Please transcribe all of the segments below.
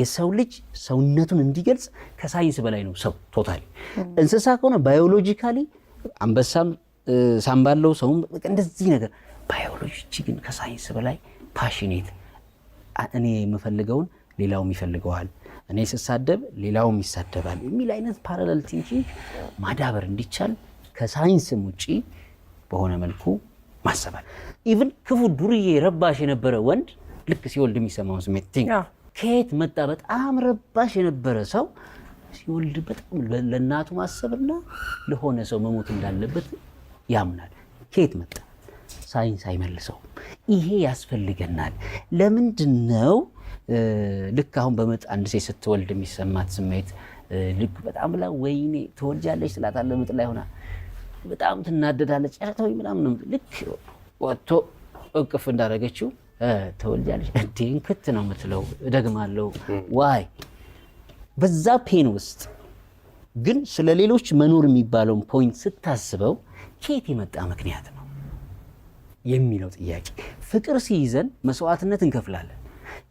የሰው ልጅ ሰውነቱን እንዲገልጽ ከሳይንስ በላይ ነው ሰው ቶታሊ እንስሳ ከሆነ ባዮሎጂካሊ አንበሳም ሳምባለው ሰውም እንደዚህ ነገር ባዮሎጂ ግን ከሳይንስ በላይ ፓሽኔት እኔ የምፈልገውን ሌላውም ይፈልገዋል፣ እኔ ስሳደብ ሌላውም ይሳደባል የሚል አይነት ፓራለል ቲንኪንግ ማዳበር እንዲቻል ከሳይንስም ውጪ በሆነ መልኩ ማሰባል ኢቭን ክፉ ዱርዬ ረባሽ የነበረ ወንድ ልክ ሲወልድ የሚሰማውን ስሜት ቲንክ ከየት መጣ? በጣም ረባሽ የነበረ ሰው ሲወልድ በጣም ለእናቱ ማሰብና ለሆነ ሰው መሞት እንዳለበት ያምናል። ከየት መጣ? ሳይንስ አይመልሰውም። ይሄ ያስፈልገናል። ለምንድን ነው ልክ አሁን በምጥ አንድ ሴት ስትወልድ የሚሰማት ስሜት ልክ በጣም ብላ ወይኔ ትወልጃለች ትላታለህ። ምጥ ላይ ሆና በጣም ትናደዳለች። ጨረታ ወይ ምናምን ልክ ወጥቶ እቅፍ እንዳደረገችው ተወልጃለች እንዴን ክት ነው የምትለው እደግማለሁ። ዋይ በዛ ፔን ውስጥ ግን ስለ ሌሎች መኖር የሚባለውን ፖይንት ስታስበው ከየት የመጣ ምክንያት ነው የሚለው ጥያቄ። ፍቅር ሲይዘን መስዋዕትነት እንከፍላለን።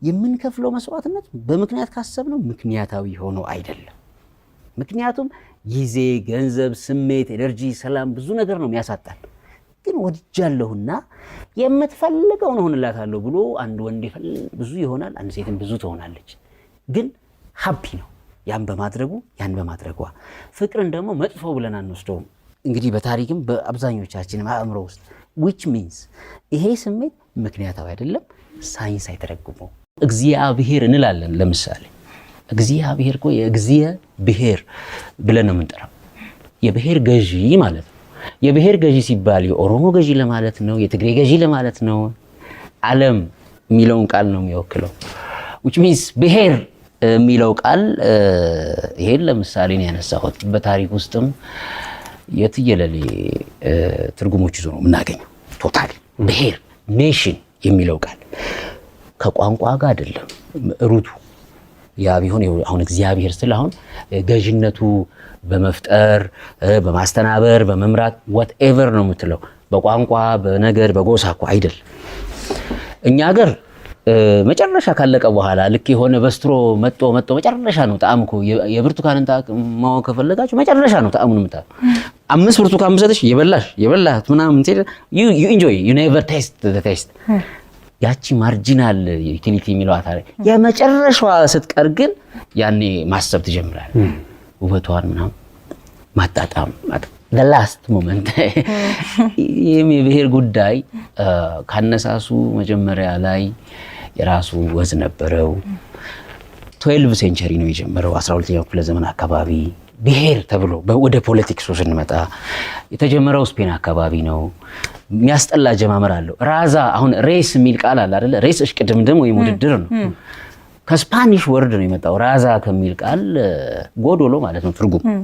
የምንከፍለው መስዋዕትነት በምክንያት ካሰብነው ምክንያታዊ ሆኖ አይደለም። ምክንያቱም ጊዜ፣ ገንዘብ፣ ስሜት፣ ኤነርጂ፣ ሰላም ብዙ ነገር ነው የሚያሳጣል። ግን ወድጃለሁና የምትፈልገውን እሆንላታለሁ ብሎ አንድ ወንድ ብዙ ይሆናል፣ አንድ ሴትም ብዙ ትሆናለች። ግን ሀፒ ነው ያን በማድረጉ ያን በማድረጓ። ፍቅርን ደግሞ መጥፎ ብለን አንወስደውም። እንግዲህ በታሪክም በአብዛኞቻችን አእምሮ ውስጥ ዊች ሚንስ ይሄ ስሜት ምክንያታዊ አይደለም፣ ሳይንስ አይተረጉመው። እግዚአብሔር እንላለን። ለምሳሌ እግዚአብሔር እኮ የእግዚአ ብሔር ብለን ነው የምንጠራው፣ የብሔር ገዢ ማለት ነው። የብሔር ገዢ ሲባል የኦሮሞ ገዢ ለማለት ነው፣ የትግሬ ገዢ ለማለት ነው። ዓለም የሚለውን ቃል ነው የሚወክለው። ዊች ሚንስ ብሔር የሚለው ቃል ይሄን ለምሳሌ ነው ያነሳሁት። በታሪክ ውስጥም የትየለሌ ትርጉሞች ይዞ ነው የምናገኘው። ቶታል ብሔር ኔሽን የሚለው ቃል ከቋንቋ ጋር አይደለም ሩቱ ያ ቢሆን አሁን እግዚአብሔር ስል አሁን ገዥነቱ በመፍጠር በማስተናበር በመምራት ዋትኤቨር ነው የምትለው በቋንቋ በነገድ በጎሳ እኮ አይደል። እኛ ሀገር መጨረሻ ካለቀ በኋላ ልክ የሆነ በስትሮ መጦ መጦ መጨረሻ ነው ጣዕም እኮ የብርቱካንን ጣዕም ማወቅ ከፈለጋችሁ መጨረሻ ነው ጣዕሙን ምታ አምስት ብርቱካን ብሰጥሽ የበላሽ የበላት ምናምን ዩ ኢንጆይ ዩ ኔቨር ቴስት ቴስት ያቺ ማርጂናል ዩቲሊቲ የሚለዋት የመጨረሻዋ ስትቀር ግን ያኔ ማሰብ ትጀምራል። ውበቷን ምናምን ማጣጣም ላስት ሞመንት ይህም የብሔር ጉዳይ ካነሳሱ መጀመሪያ ላይ የራሱ ወዝ ነበረው። ትዌልቭ ሴንቸሪ ነው የጀመረው 12ኛው ክፍለ ዘመን አካባቢ ብሔር ተብሎ ወደ ፖለቲክሱ ስንመጣ የተጀመረው ስፔን አካባቢ ነው። የሚያስጠላ ጀማመር አለው። ራዛ አሁን ሬስ የሚል ቃል አለ አይደለ? ሬስ እሽቅድምድም ወይም ውድድር ነው። ከስፓኒሽ ወርድ ነው የመጣው ራዛ ከሚል ቃል ጎዶሎ ማለት ነው ትርጉም